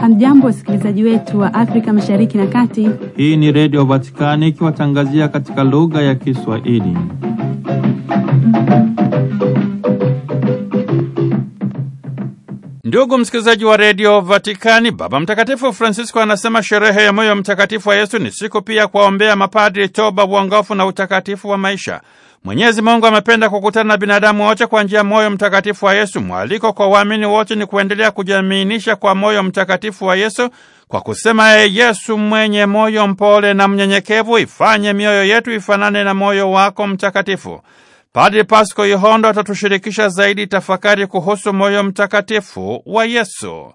Hamjambo, wasikilizaji wetu wa Afrika Mashariki na Kati. Hii ni Redio Vatikani ikiwatangazia katika lugha ya Kiswahili. Ndugu msikilizaji wa Redio Vatikani, Baba Mtakatifu Francisco anasema sherehe ya moyo mtakatifu wa Yesu ni siku pia kuwaombea mapadri, toba, uongofu na utakatifu wa maisha. Mwenyezi Mungu amependa kukutana na binadamu wote kwa njia ya moyo mtakatifu wa Yesu. Mwaliko kwa waamini wote ni kuendelea kujaminisha kwa moyo mtakatifu wa Yesu kwa kusema e Yesu mwenye moyo mpole na mnyenyekevu, ifanye mioyo yetu ifanane na moyo wako mtakatifu. Padre Pasco Ihondo atatushirikisha zaidi tafakari kuhusu moyo mtakatifu wa Yesu.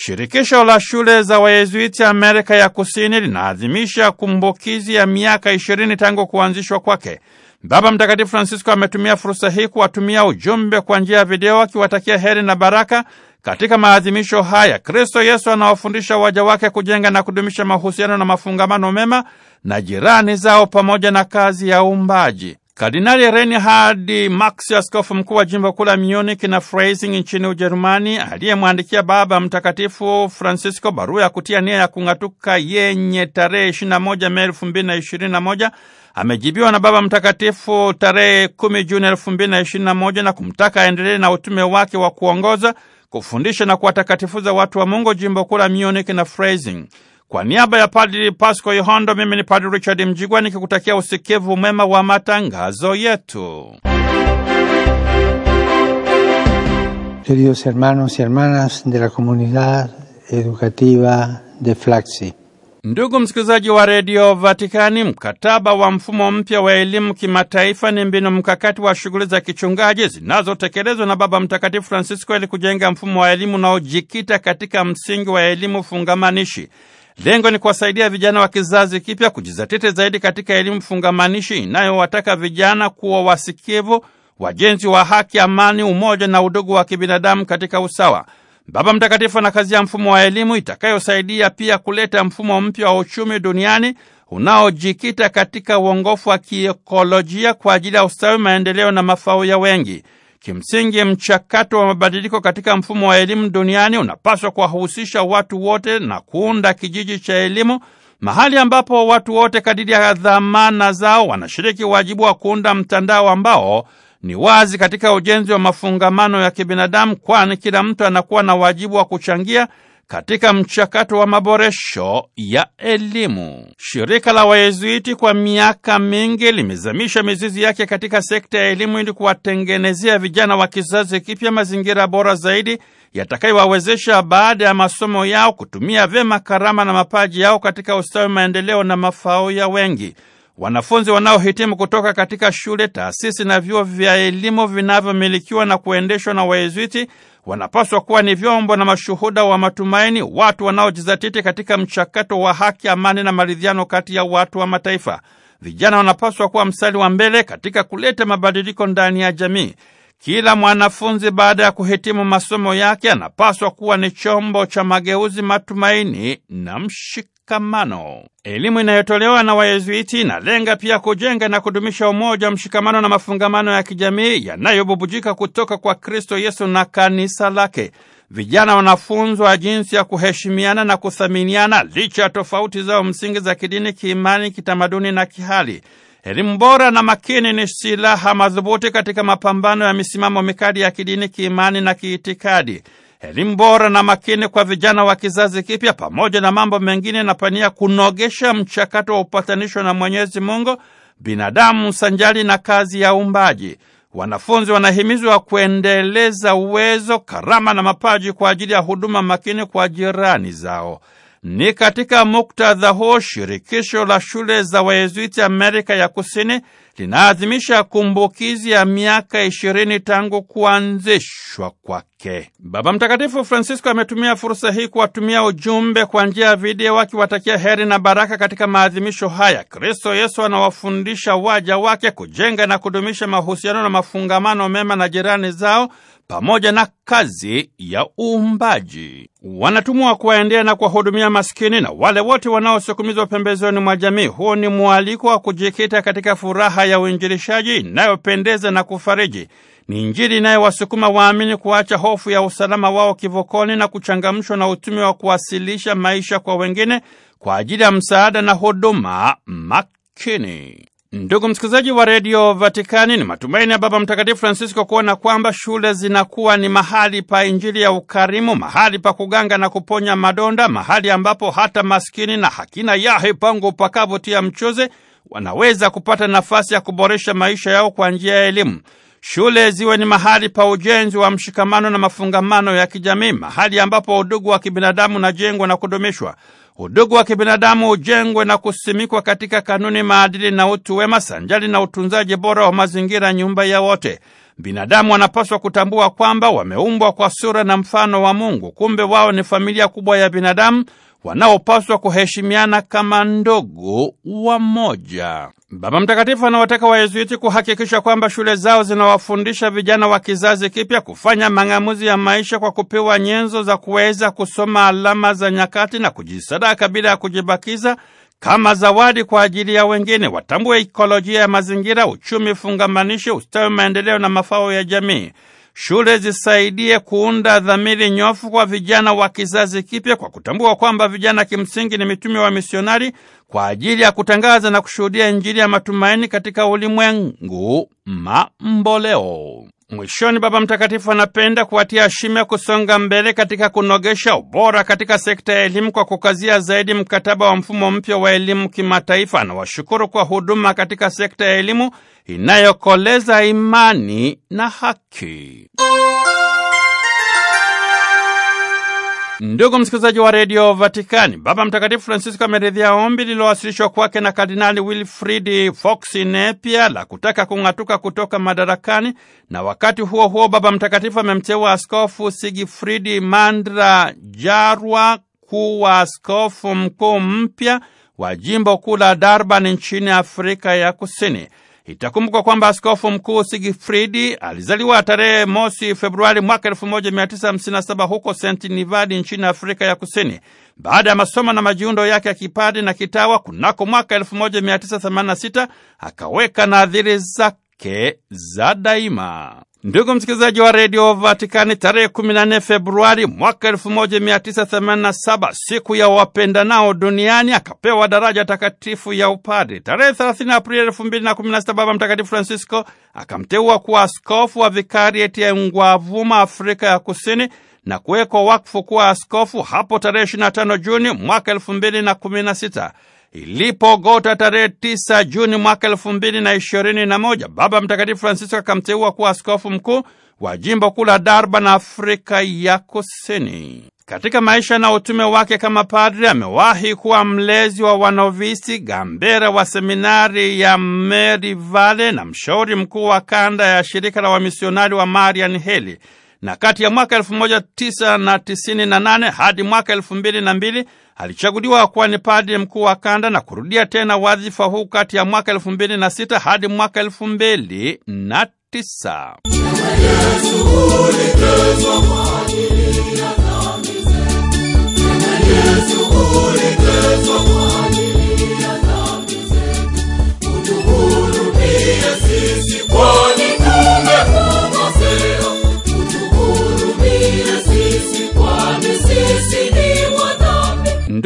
Shirikisho la shule za Wayezuiti Amerika ya Kusini linaadhimisha kumbukizi ya miaka ishirini tangu kuanzishwa kwake. Baba Mtakatifu Francisco ametumia fursa hii kuwatumia ujumbe kwa njia ya video akiwatakia heri na baraka katika maadhimisho haya. Kristo Yesu anawafundisha waja wake kujenga na kudumisha mahusiano na mafungamano mema na jirani zao pamoja na kazi ya uumbaji. Kardinali Reinhard Marx, askofu mkuu wa jimbo kuu la Munich na Freising nchini Ujerumani, aliyemwandikia Baba Mtakatifu Francisco barua ya kutia nia ya kung'atuka yenye tarehe 21 Mei 2021 amejibiwa na Baba Mtakatifu tarehe 10 Juni 2021 na kumtaka aendelee na utume wake wa kuongoza, kufundisha na kuwatakatifuza watu wa Mungu jimbo kuu la Munich na Freising. Kwa niaba ya Padri pasco Yohondo, mimi ni Padri Richard Mjigwa nikikutakia usikivu mwema wa matangazo yetu. Queridos hermanos y hermanas de la comunidad educativa de Flaxi. Ndugu msikilizaji wa redio Vatikani, mkataba wa mfumo mpya wa elimu kimataifa ni mbinu mkakati wa shughuli za kichungaji zinazotekelezwa na Baba Mtakatifu Francisco ili kujenga mfumo wa elimu unaojikita katika msingi wa elimu fungamanishi. Lengo ni kuwasaidia vijana wa kizazi kipya kujizatiti zaidi katika elimu fungamanishi inayowataka vijana kuwa wasikivu, wajenzi wa haki, amani, umoja na udugu wa kibinadamu katika usawa. Baba Mtakatifu ana kazi ya mfumo wa elimu itakayosaidia pia kuleta mfumo mpya wa uchumi duniani unaojikita katika uongofu wa kiekolojia kwa ajili ya ustawi, maendeleo na mafao ya wengi. Kimsingi, mchakato wa mabadiliko katika mfumo wa elimu duniani unapaswa kuwahusisha watu wote na kuunda kijiji cha elimu, mahali ambapo watu wote kadiri ya dhamana zao wanashiriki wajibu wa kuunda mtandao ambao ni wazi katika ujenzi wa mafungamano ya kibinadamu, kwani kila mtu anakuwa na wajibu wa kuchangia katika mchakato wa maboresho ya elimu. Shirika la Wayezuiti kwa miaka mingi limezamisha mizizi yake katika sekta ya elimu ili kuwatengenezea vijana wa kizazi kipya mazingira bora zaidi yatakayowawezesha baada ya masomo yao kutumia vyema karama na mapaji yao katika ustawi, maendeleo na mafao ya wengi. Wanafunzi wanaohitimu kutoka katika shule, taasisi na vyuo vya elimu vinavyomilikiwa na kuendeshwa na Wayezuiti wanapaswa kuwa ni vyombo na mashuhuda wa matumaini, watu wanaojizatiti katika mchakato wa haki, amani na maridhiano kati ya watu wa mataifa. Vijana wanapaswa kuwa mstari wa mbele katika kuleta mabadiliko ndani ya jamii. Kila mwanafunzi baada ya kuhitimu masomo yake anapaswa kuwa ni chombo cha mageuzi, matumaini na mshik mshikamano. Elimu inayotolewa na Wayezuiti inalenga pia kujenga na kudumisha umoja, mshikamano na mafungamano ya kijamii yanayobubujika kutoka kwa Kristo Yesu na kanisa lake. Vijana wanafunzwa jinsi ya kuheshimiana na kuthaminiana licha ya tofauti zao msingi za kidini, kiimani, kitamaduni na kihali. Elimu bora na makini ni silaha madhubuti katika mapambano ya misimamo mikali ya kidini, kiimani na kiitikadi elimu bora na makini kwa vijana wa kizazi kipya, pamoja na mambo mengine, inapania kunogesha mchakato wa upatanisho na Mwenyezi Mungu, binadamu sanjali na kazi ya uumbaji. Wanafunzi wanahimizwa kuendeleza uwezo, karama na mapaji kwa ajili ya huduma makini kwa jirani zao. Ni katika muktadha huo shirikisho la shule za Wayezuiti Amerika ya Kusini linaadhimisha kumbukizi ya miaka ishirini tangu kuanzishwa kwake. Baba Mtakatifu Francisco ametumia fursa hii kuwatumia ujumbe kwa njia ya video akiwatakia heri na baraka katika maadhimisho haya. Kristo Yesu anawafundisha waja wake kujenga na kudumisha mahusiano na mafungamano mema na jirani zao pamoja na kazi ya uumbaji. Wanatumwa kuwaendea na kuwahudumia maskini na wale wote wanaosukumizwa pembezoni mwa jamii. Huo ni mwaliko wa kujikita katika furaha ya uinjilishaji inayopendeza na kufariji. Ni Injili inayowasukuma waamini kuacha hofu ya usalama wao kivukoni na kuchangamshwa na utumi wa kuwasilisha maisha kwa wengine kwa ajili ya msaada na huduma makini. Ndugu msikilizaji wa redio Vatikani, ni matumaini ya Baba Mtakatifu Francisco kuona kwamba shule zinakuwa ni mahali pa Injili ya ukarimu, mahali pa kuganga na kuponya madonda, mahali ambapo hata maskini na hakina yahe pangu pakavotia mchuzi wanaweza kupata nafasi ya kuboresha maisha yao kwa njia ya elimu. Shule ziwe ni mahali pa ujenzi wa mshikamano na mafungamano ya kijamii, mahali ambapo udugu wa kibinadamu unajengwa na kudumishwa. Udugu wa kibinadamu ujengwe na kusimikwa katika kanuni, maadili na utu wema, sanjali na utunzaji bora wa mazingira, nyumba ya wote. Binadamu wanapaswa kutambua kwamba wameumbwa kwa sura na mfano wa Mungu. Kumbe wao ni familia kubwa ya binadamu wanaopaswa kuheshimiana kama ndugu moja. Baba Mtakatifu anawataka Wayezuiti kuhakikisha kwamba shule zao zinawafundisha vijana wa kizazi kipya kufanya mang'amuzi ya maisha kwa kupewa nyenzo za kuweza kusoma alama za nyakati na kujisadaka bila ya kujibakiza kama zawadi kwa ajili ya wengine. Watambue ikolojia ya mazingira, uchumi fungamanishi, ustawi, maendeleo na mafao ya jamii. Shule zisaidie kuunda dhamiri nyofu kwa vijana wa kizazi kipya kwa kutambua kwamba vijana kimsingi ni mitume wa misionari kwa ajili ya kutangaza na kushuhudia Injili ya matumaini katika ulimwengu mamboleo. Mwishoni, Baba Mtakatifu anapenda kuwatia shime kusonga mbele katika kunogesha ubora katika sekta ya elimu kwa kukazia zaidi mkataba wa mfumo mpya wa elimu kimataifa. Anawashukuru kwa huduma katika sekta ya elimu inayokoleza imani na haki. Ndugu msikilizaji wa redio Vatikani, Baba Mtakatifu Francisco ameridhia ombi lililowasilishwa kwake na Kardinali Wilfrid Fox Nepia la kutaka kung'atuka kutoka madarakani, na wakati huo huo Baba Mtakatifu amemteua Askofu Sigifridi Mandra Jarwa kuwa askofu mkuu mpya wa jimbo kuu la Durban nchini Afrika ya Kusini. Itakumbukwa kwamba askofu mkuu Sigifridi alizaliwa tarehe mosi Februari mwaka 1957 huko St Nivadi nchini Afrika ya Kusini. Baada ya masomo na majiundo yake ya kipadi na kitawa, kunako mwaka 1986 akaweka nadhiri zake za daima. Ndugu msikilizaji wa redio Vatikani, tarehe 14 Februari mwaka 1987 siku ya wapendanao duniani, akapewa daraja takatifu ya upadri. Tarehe 30 Aprili 2016 Baba Mtakatifu Francisco akamteua kuwa askofu wa vikarieti ya Ngwavuma, Afrika ya Kusini, na kuwekwa wakfu kuwa askofu hapo tarehe 25 Juni mwaka 2016. Ilipogota tarehe tisa Juni mwaka elfu mbili na ishirini na moja, Baba Mtakatifu Francisco akamteua kuwa askofu mkuu wa jimbo kuu la Darba na Afrika ya Kusini. Katika maisha na utume wake kama padre amewahi kuwa mlezi wa wanovisi, gambera wa seminari ya Meri Vale na mshauri mkuu wa kanda ya shirika la wamisionari wa Marian Heli, na kati ya mwaka 1998 hadi mwaka 2002 Alichaguliwa kuwa ni padri mkuu wa kanda na kurudia tena wadhifa huu kati ya mwaka elfu mbili na sita hadi mwaka elfu mbili na tisa.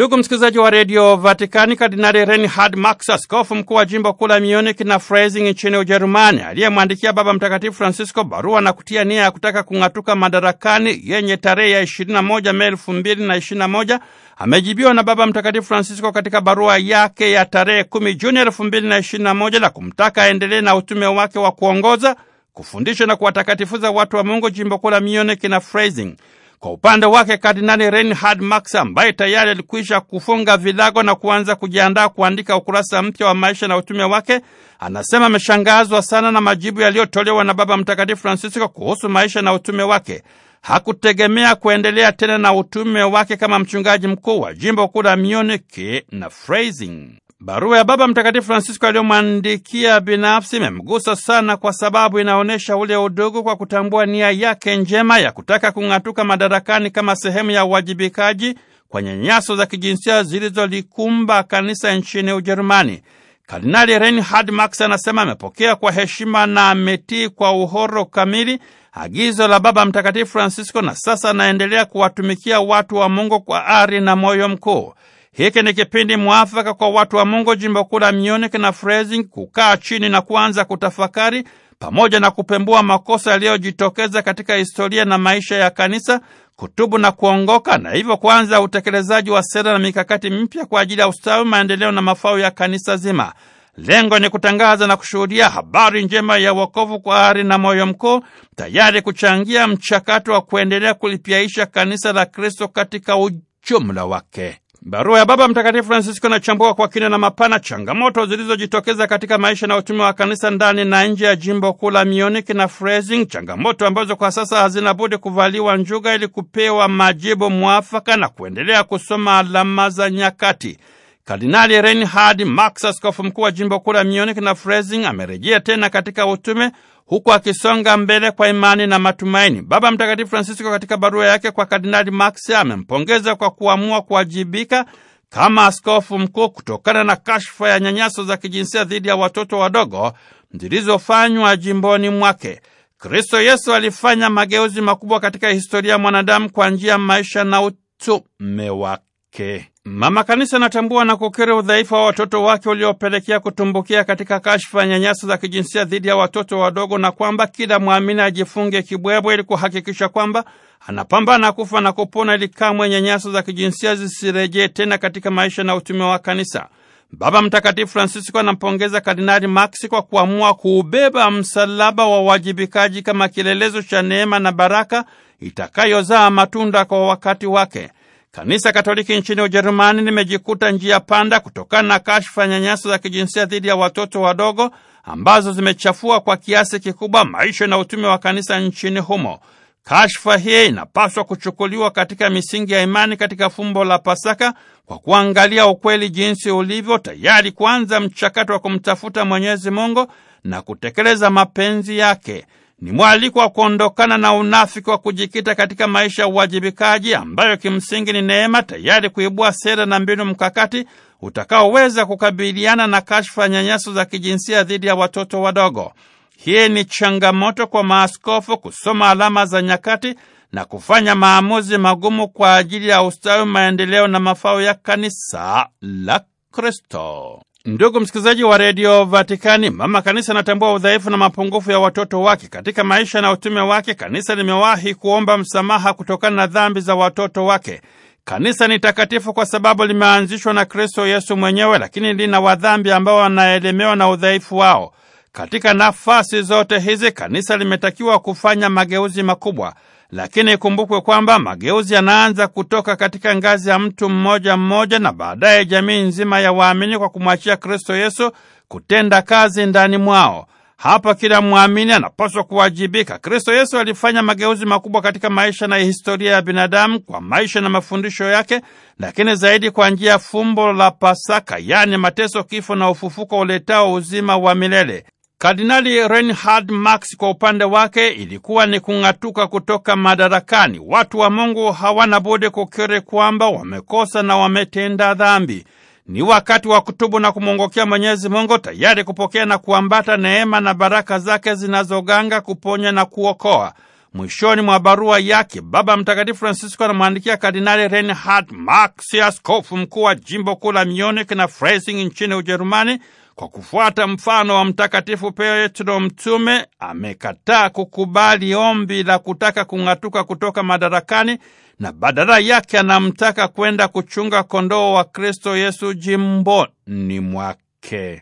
Ndugu msikilizaji wa redio Vatikani, Kardinali Reinhard Marx, askofu mkuu wa jimbo kuu la Munich na Freising nchini Ujerumani, aliyemwandikia Baba Mtakatifu Francisco barua na kutia nia ya kutaka kung'atuka madarakani yenye tarehe ya 21 Mei 2021 amejibiwa na Baba Mtakatifu Francisco katika barua yake ya tarehe 10 Juni 2021 na kumtaka aendelee na utume wake wa kuongoza, kufundisha na kuwatakatifuza watu wa Mungu jimbo kuu la Munich na Freising. Kwa upande wake Kardinali Reinhard Marx ambaye tayari alikwisha kufunga vilago na kuanza kujiandaa kuandika ukurasa mpya wa maisha na utume wake, anasema ameshangazwa sana na majibu yaliyotolewa na Baba Mtakatifu Francisco kuhusu maisha na utume wake. Hakutegemea kuendelea tena na utume wake kama mchungaji mkuu wa jimbo kuu la Munich na Freising. Barua ya Baba Mtakatifu Francisco aliyomwandikia binafsi imemgusa sana, kwa sababu inaonyesha ule udugu kwa kutambua nia yake njema ya kutaka kung'atuka madarakani kama sehemu ya uwajibikaji kwa nyanyaso za kijinsia zilizolikumba kanisa nchini Ujerumani. Kardinali Reinhard Marx anasema amepokea kwa heshima na ametii kwa uhoro kamili agizo la Baba Mtakatifu Francisco na sasa anaendelea kuwatumikia watu wa Mungu kwa ari na moyo mkuu. Hiki ni kipindi mwafaka kwa watu wa Mungu jimbo kuu la Munich na Freising kukaa chini na kuanza kutafakari pamoja na kupembua makosa yaliyojitokeza katika historia na maisha ya kanisa, kutubu na kuongoka, na hivyo kuanza utekelezaji wa sera na mikakati mpya kwa ajili ya ustawi, maendeleo na mafao ya kanisa zima. Lengo ni kutangaza na kushuhudia habari njema ya wokovu kwa ari na moyo mkuu, tayari kuchangia mchakato wa kuendelea kulipiaisha kanisa la Kristo katika ujumla wake. Barua ya Baba Mtakatifu Francisco inachambua kwa kina na mapana changamoto zilizojitokeza katika maisha na utume wa kanisa ndani na nje ya jimbo kuu la Munich na Freising, changamoto ambazo kwa sasa hazina budi kuvaliwa njuga ili kupewa majibu mwafaka na kuendelea kusoma alama za nyakati. Kardinali Reinhard Marx, askofu mkuu wa jimbo kuu la Munich na Freising, amerejea tena katika utume huku akisonga mbele kwa imani na matumaini. Baba Mtakatifu Francisco katika barua yake kwa Kardinali Marx amempongeza kwa kuamua kuwajibika kama askofu mkuu kutokana na kashfa ya nyanyaso za kijinsia dhidi ya watoto wadogo zilizofanywa jimboni mwake. Kristo Yesu alifanya mageuzi makubwa katika historia ya mwanadamu kwa njia ya maisha na utume wake. Mama Kanisa anatambua na kukiri udhaifu wa watoto wake uliopelekea kutumbukia katika kashfa ya nyanyaso za kijinsia dhidi ya watoto wadogo, na kwamba kila mwamini ajifunge kibwebwe ili kuhakikisha kwamba anapambana kufa na kupona ili kamwe nyanyaso za kijinsia zisirejee tena katika maisha na utume wa Kanisa. Baba Mtakatifu Francisco anampongeza Kardinali Max kwa kuamua kuubeba msalaba wa uwajibikaji kama kielelezo cha neema na baraka itakayozaa matunda kwa wakati wake. Kanisa Katoliki nchini Ujerumani limejikuta njia panda kutokana na kashfa nyanyaso za kijinsia dhidi ya watoto wadogo ambazo zimechafua kwa kiasi kikubwa maisha na utume wa kanisa nchini humo. Kashfa hii inapaswa kuchukuliwa katika misingi ya imani katika fumbo la Pasaka kwa kuangalia ukweli jinsi ulivyo, tayari kuanza mchakato wa kumtafuta Mwenyezi Mungu na kutekeleza mapenzi yake ni mwaliko wa kuondokana na unafiki wa kujikita katika maisha ya uwajibikaji ambayo kimsingi ni neema, tayari kuibua sera na mbinu mkakati utakaoweza kukabiliana na kashfa nyanyaso za kijinsia dhidi ya watoto wadogo. Hii ni changamoto kwa maaskofu kusoma alama za nyakati na kufanya maamuzi magumu kwa ajili ya ustawi, maendeleo na mafao ya kanisa la Kristo. Ndugu msikilizaji wa redio Vatikani, mama kanisa anatambua udhaifu na mapungufu ya watoto wake katika maisha na utume wake. Kanisa limewahi kuomba msamaha kutokana na dhambi za watoto wake. Kanisa ni takatifu kwa sababu limeanzishwa na Kristo Yesu mwenyewe, lakini lina wadhambi ambao wanaelemewa na udhaifu wao. Katika nafasi zote hizi, kanisa limetakiwa kufanya mageuzi makubwa lakini ikumbukwe kwamba mageuzi yanaanza kutoka katika ngazi ya mtu mmoja mmoja na baadaye jamii nzima ya waamini kwa kumwachia Kristo Yesu kutenda kazi ndani mwao. Hapa kila mwamini anapaswa kuwajibika. Kristo Yesu alifanya mageuzi makubwa katika maisha na historia ya binadamu kwa maisha na mafundisho yake, lakini zaidi kwa njia ya fumbo la Pasaka, yaani mateso, kifo na ufufuko uletao uzima wa milele. Kardinali Reinhard Marx kwa upande wake ilikuwa ni kung'atuka kutoka madarakani. Watu wa Mungu hawana budi kukiri kwamba wamekosa na wametenda dhambi. Ni wakati wa kutubu na kumwongokea Mwenyezi Mungu, tayari kupokea na kuambata neema na baraka zake zinazoganga kuponya na kuokoa. Mwishoni mwa barua yake, Baba Mtakatifu Francisco anamwandikia Kardinali Reinhard Marx, askofu mkuu wa jimbo kuu la Munich na Freising nchini Ujerumani kwa kufuata mfano wa Mtakatifu Petro mtume amekataa kukubali ombi la kutaka kung'atuka kutoka madarakani na badala yake anamtaka kwenda kuchunga kondoo wa Kristo Yesu jimboni mwake.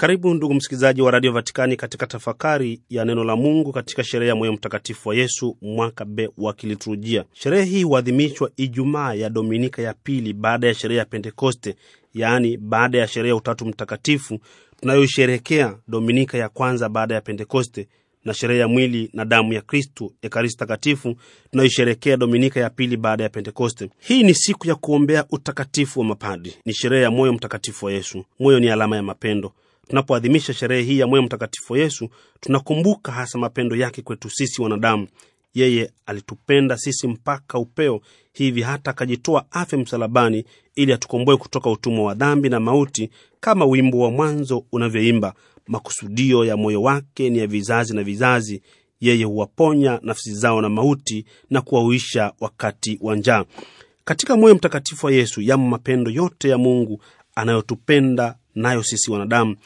Karibu ndugu msikilizaji wa Radio Vatikani katika tafakari ya neno la Mungu katika sherehe ya Moyo Mtakatifu wa Yesu mwaka B wa kiliturujia. Sherehe hii huadhimishwa Ijumaa ya Dominika ya pili baada ya sherehe ya Pentekoste, yaani baada ya sherehe ya Utatu Mtakatifu tunayoisherehekea Dominika ya kwanza baada ya Pentekoste na sherehe ya mwili na damu ya Kristu, Ekaristi Takatifu, tunayoisherekea Dominika ya pili baada ya Pentekoste. Hii ni siku ya kuombea utakatifu wa mapadi, ni sherehe ya moyo mtakatifu wa Yesu. Moyo ni alama ya mapendo. Tunapoadhimisha sherehe hii ya Moyo Mtakatifu Yesu, tunakumbuka hasa mapendo yake kwetu sisi wanadamu. Yeye alitupenda sisi mpaka upeo hivi hata akajitoa afya msalabani ili atukomboe kutoka utumwa wa dhambi na mauti, kama wimbo wa mwanzo unavyoimba. Makusudio ya moyo wake ni ya vizazi na vizazi. Yeye huwaponya nafsi zao na mauti na kuwauisha wakati wa njaa. Katika moyo mtakatifu wa Yesu yamo mapendo yote ya Mungu anayotupenda nayo sisi wanadamu.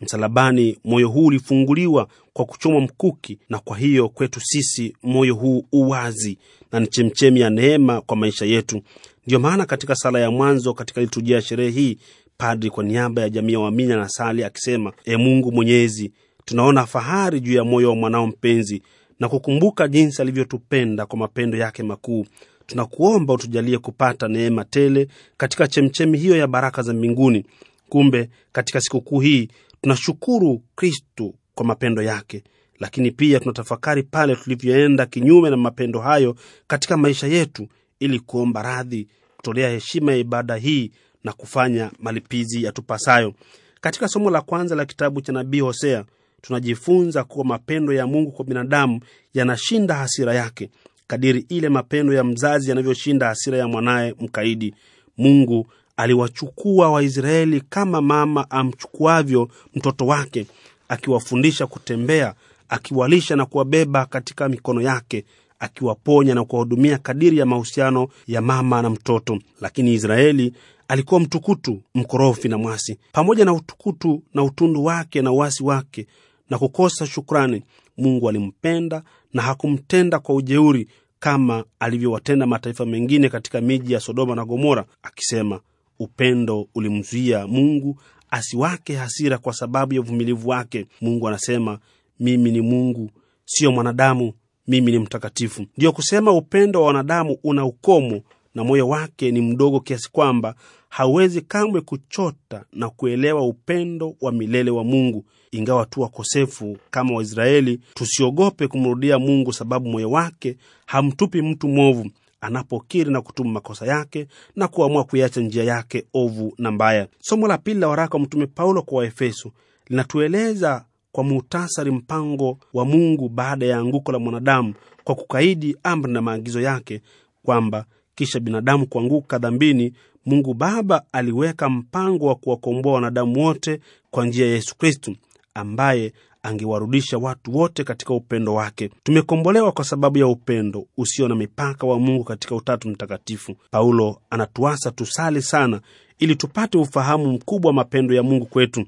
Msalabani moyo huu ulifunguliwa kwa kuchomwa mkuki, na kwa hiyo kwetu sisi moyo huu uwazi na ni chemchemi ya neema kwa maisha yetu. Ndiyo maana katika sala ya mwanzo katika liturujia ya sherehe hii, padri kwa niaba ya jamii ya waamini anasali akisema: E Mungu Mwenyezi, tunaona fahari juu ya moyo wa mwanao mpenzi na kukumbuka jinsi alivyotupenda kwa mapendo yake makuu. Tunakuomba utujalie kupata neema tele katika chemchemi hiyo ya baraka za mbinguni. Kumbe katika sikukuu hii Tunashukuru Kristu kwa mapendo yake, lakini pia tunatafakari pale tulivyoenda kinyume na mapendo hayo katika maisha yetu, ili kuomba radhi, kutolea heshima ya ibada hii na kufanya malipizi yatupasayo. Katika somo la kwanza la kitabu cha nabii Hosea tunajifunza kuwa mapendo ya Mungu kwa binadamu yanashinda hasira yake kadiri ile mapendo ya mzazi yanavyoshinda hasira ya mwanaye mkaidi. Mungu aliwachukua Waisraeli kama mama amchukuavyo mtoto wake, akiwafundisha kutembea, akiwalisha na kuwabeba katika mikono yake akiwaponya na kuwahudumia kadiri ya mahusiano ya mama na mtoto. Lakini Israeli alikuwa mtukutu, mkorofi na mwasi. Pamoja na utukutu na utundu wake na uasi wake na kukosa shukrani, Mungu alimpenda na hakumtenda kwa ujeuri kama alivyowatenda mataifa mengine katika miji ya Sodoma na Gomora, akisema upendo ulimzuia Mungu asiwake hasira kwa sababu ya uvumilivu wake. Mungu anasema mimi ni Mungu, siyo mwanadamu, mimi ni mtakatifu. Ndiyo kusema upendo wa wanadamu una ukomo na moyo wake ni mdogo kiasi kwamba hawezi kamwe kuchota na kuelewa upendo wa milele wa Mungu. Ingawa tu wakosefu kama Waisraeli, tusiogope kumrudia Mungu sababu moyo wake hamtupi mtu mwovu anapokiri na kutuma makosa yake na kuamua kuiacha njia yake ovu na mbaya. Somo la pili la waraka wa Mtume Paulo kwa Waefeso linatueleza kwa muhtasari mpango wa Mungu baada ya anguko la mwanadamu kwa kukaidi amri na maagizo yake, kwamba kisha binadamu kuanguka dhambini, Mungu Baba aliweka mpango wa kuwakomboa wanadamu wote kwa njia ya Yesu Kristu ambaye angewarudisha watu wote katika upendo wake. Tumekombolewa kwa sababu ya upendo usio na mipaka wa Mungu katika Utatu Mtakatifu. Paulo anatuasa tusali sana, ili tupate ufahamu mkubwa wa mapendo ya Mungu kwetu,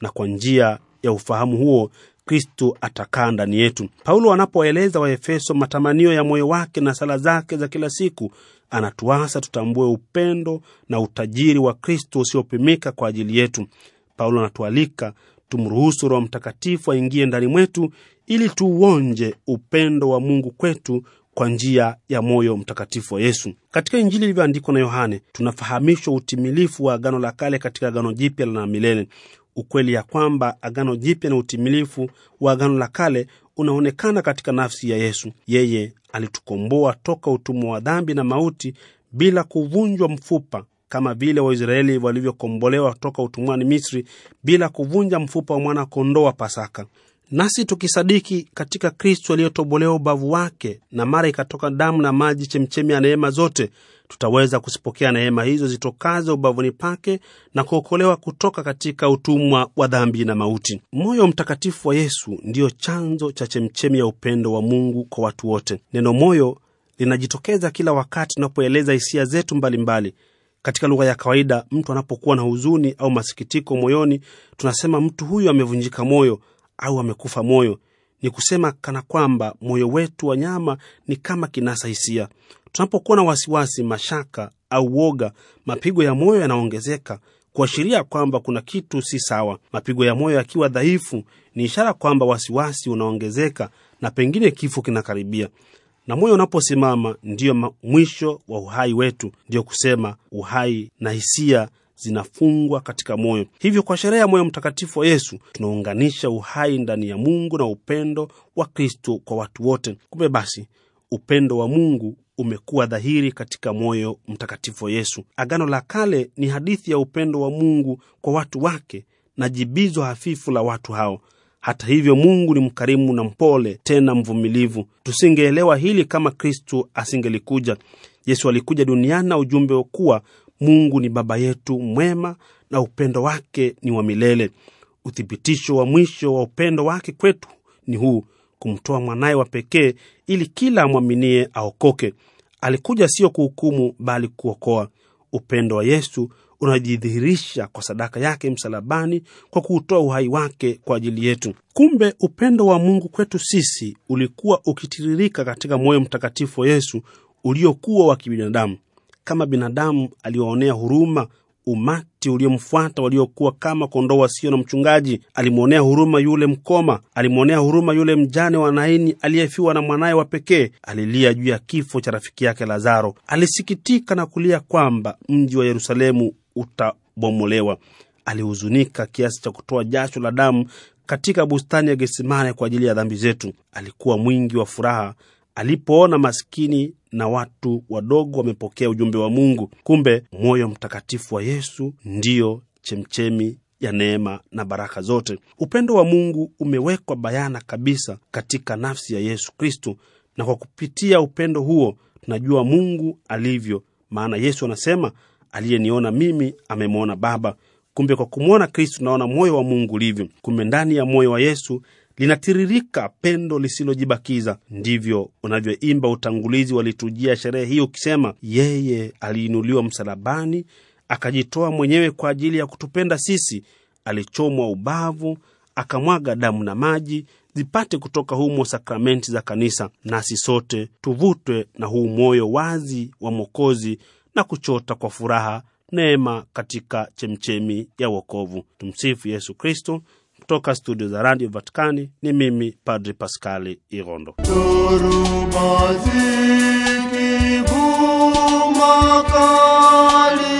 na kwa njia ya ufahamu huo kristu atakaa ndani yetu. Paulo anapoeleza Waefeso matamanio ya moyo wake na sala zake za kila siku, anatuasa tutambue upendo na utajiri wa kristu usiopimika kwa ajili yetu. Paulo anatualika tumruhusu Roho Mtakatifu aingie ndani mwetu ili tuuonje upendo wa Mungu kwetu kwa njia ya moyo mtakatifu wa Yesu. Katika Injili ilivyoandikwa na Yohane, tunafahamishwa utimilifu wa Agano la Kale katika Agano Jipya la milele. Ukweli ya kwamba Agano Jipya na utimilifu wa Agano la Kale unaonekana katika nafsi ya Yesu. Yeye alitukomboa toka utumwa wa dhambi na mauti bila kuvunjwa mfupa kama vile Waisraeli walivyokombolewa toka utumwani Misri bila kuvunja mfupa wa mwana-kondoo wa Pasaka. Nasi tukisadiki katika kristu aliyotobolewa ubavu wake na mara ikatoka damu na maji, chemchemi ya neema zote, tutaweza kusipokea neema hizo zitokaza ubavuni pake na kuokolewa kutoka katika utumwa wa dhambi na mauti. Moyo mtakatifu wa Yesu ndiyo chanzo cha chemchemi ya upendo wa Mungu kwa watu wote. Neno moyo linajitokeza kila wakati tunapoeleza hisia zetu mbalimbali mbali. Katika lugha ya kawaida, mtu anapokuwa na huzuni au masikitiko moyoni, tunasema mtu huyu amevunjika moyo au amekufa moyo. Ni kusema kana kwamba moyo wetu wa nyama ni kama kinasa hisia. Tunapokuwa na wasiwasi, mashaka au woga, mapigo ya moyo yanaongezeka kuashiria kwamba kuna kitu si sawa. Mapigo ya moyo yakiwa dhaifu, ni ishara kwamba wasiwasi unaongezeka na pengine kifo kinakaribia na moyo unaposimama ndiyo mwisho wa uhai wetu, ndiyo kusema uhai na hisia zinafungwa katika moyo. Hivyo, kwa sherehe ya moyo mtakatifu wa Yesu tunaunganisha uhai ndani ya Mungu na upendo wa Kristo kwa watu wote. Kumbe basi upendo wa Mungu umekuwa dhahiri katika moyo mtakatifu wa Yesu. Agano la Kale ni hadithi ya upendo wa Mungu kwa watu wake na jibizo hafifu la watu hao. Hata hivyo, Mungu ni mkarimu na mpole, tena mvumilivu. Tusingeelewa hili kama Kristu asingelikuja. Yesu alikuja duniani na ujumbe wa kuwa Mungu ni Baba yetu mwema na upendo wake ni wa milele. Uthibitisho wa mwisho wa upendo wake kwetu ni huu, kumtoa mwanaye wa pekee ili kila amwaminie aokoke. Alikuja sio kuhukumu, bali kuokoa. Upendo wa Yesu unajidhihirisha kwa sadaka yake msalabani kwa kuutoa uhai wake kwa ajili yetu. Kumbe upendo wa Mungu kwetu sisi ulikuwa ukitiririka katika moyo mtakatifu wa Yesu uliokuwa wa kibinadamu. Kama binadamu aliwaonea huruma umati uliomfuata waliokuwa kama kondoo wasio na mchungaji. Alimwonea huruma yule mkoma, alimwonea huruma yule mjane wa Naini aliyefiwa na mwanaye wa pekee. Alilia juu ya kifo cha rafiki yake Lazaro, alisikitika na kulia kwamba mji wa Yerusalemu utabomolewa. Alihuzunika kiasi cha kutoa jasho la damu katika bustani ya gesimane kwa ajili ya dhambi zetu. Alikuwa mwingi wa furaha alipoona maskini na watu wadogo wamepokea ujumbe wa Mungu. Kumbe moyo mtakatifu wa Yesu ndiyo chemchemi ya neema na baraka zote. Upendo wa Mungu umewekwa bayana kabisa katika nafsi ya Yesu Kristo, na kwa kupitia upendo huo tunajua Mungu alivyo, maana Yesu anasema aliyeniona mimi amemwona Baba. Kumbe kwa kumwona Kristu naona moyo wa Mungu ulivyo. Kumbe ndani ya moyo wa Yesu linatiririka pendo lisilojibakiza. Ndivyo unavyoimba utangulizi wa liturujia sherehe hiyo ukisema, yeye aliinuliwa msalabani, akajitoa mwenyewe kwa ajili ya kutupenda sisi, alichomwa ubavu, akamwaga damu na maji zipate kutoka humo sakramenti za kanisa, nasi sote tuvutwe na huu moyo wazi wa mokozi na kuchota kwa furaha neema katika chemchemi ya wokovu. Tumsifu Yesu Kristo. Kutoka studio za Radio Vatikani ni mimi Padri Paskali Irondo. Makali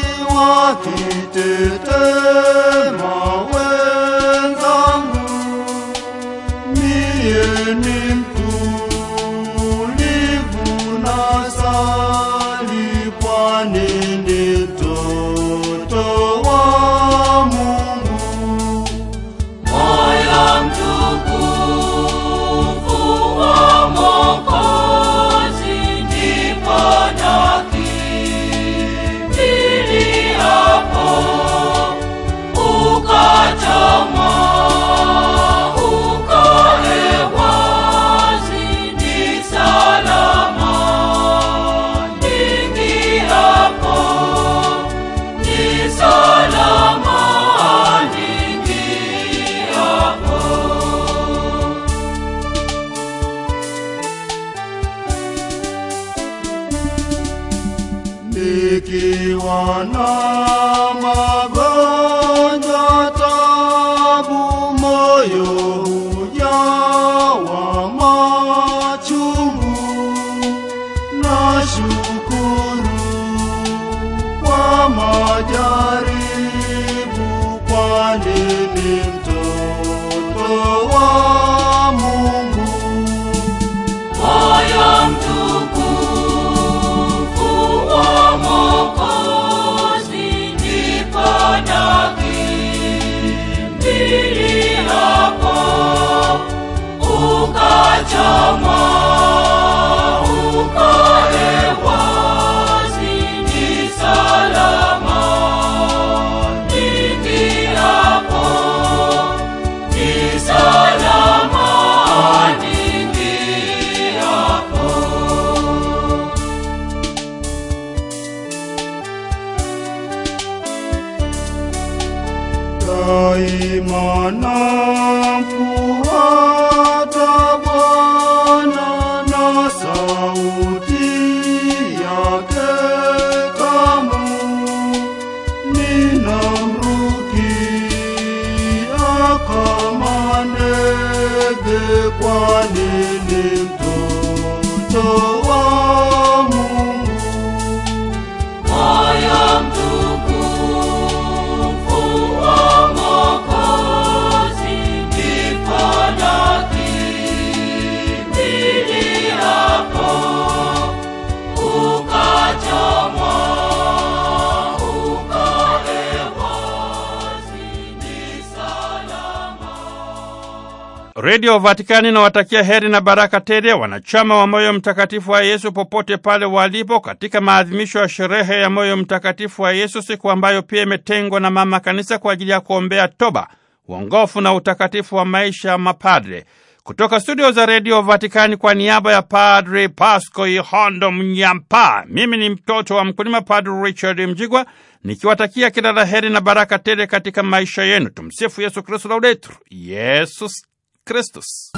redio Vatikani na watakia heri na baraka tele wanachama wa moyo mtakatifu wa Yesu popote pale walipo katika maadhimisho ya sherehe ya moyo mtakatifu wa Yesu, siku ambayo pia imetengwa na mama kanisa kwa ajili ya kuombea toba, uongofu na utakatifu wa maisha ya mapadre. Kutoka studio za redio Vatikani kwa niaba ya Padre Pasco Ihondo Mnyampa, mimi ni mtoto wa mkulima Padre Richard Mjigwa nikiwatakia kila la heri na baraka tele katika maisha yenu. Tumsifu Yesu Kristu, laudetur Yesus Kristus.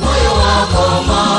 Moyo wako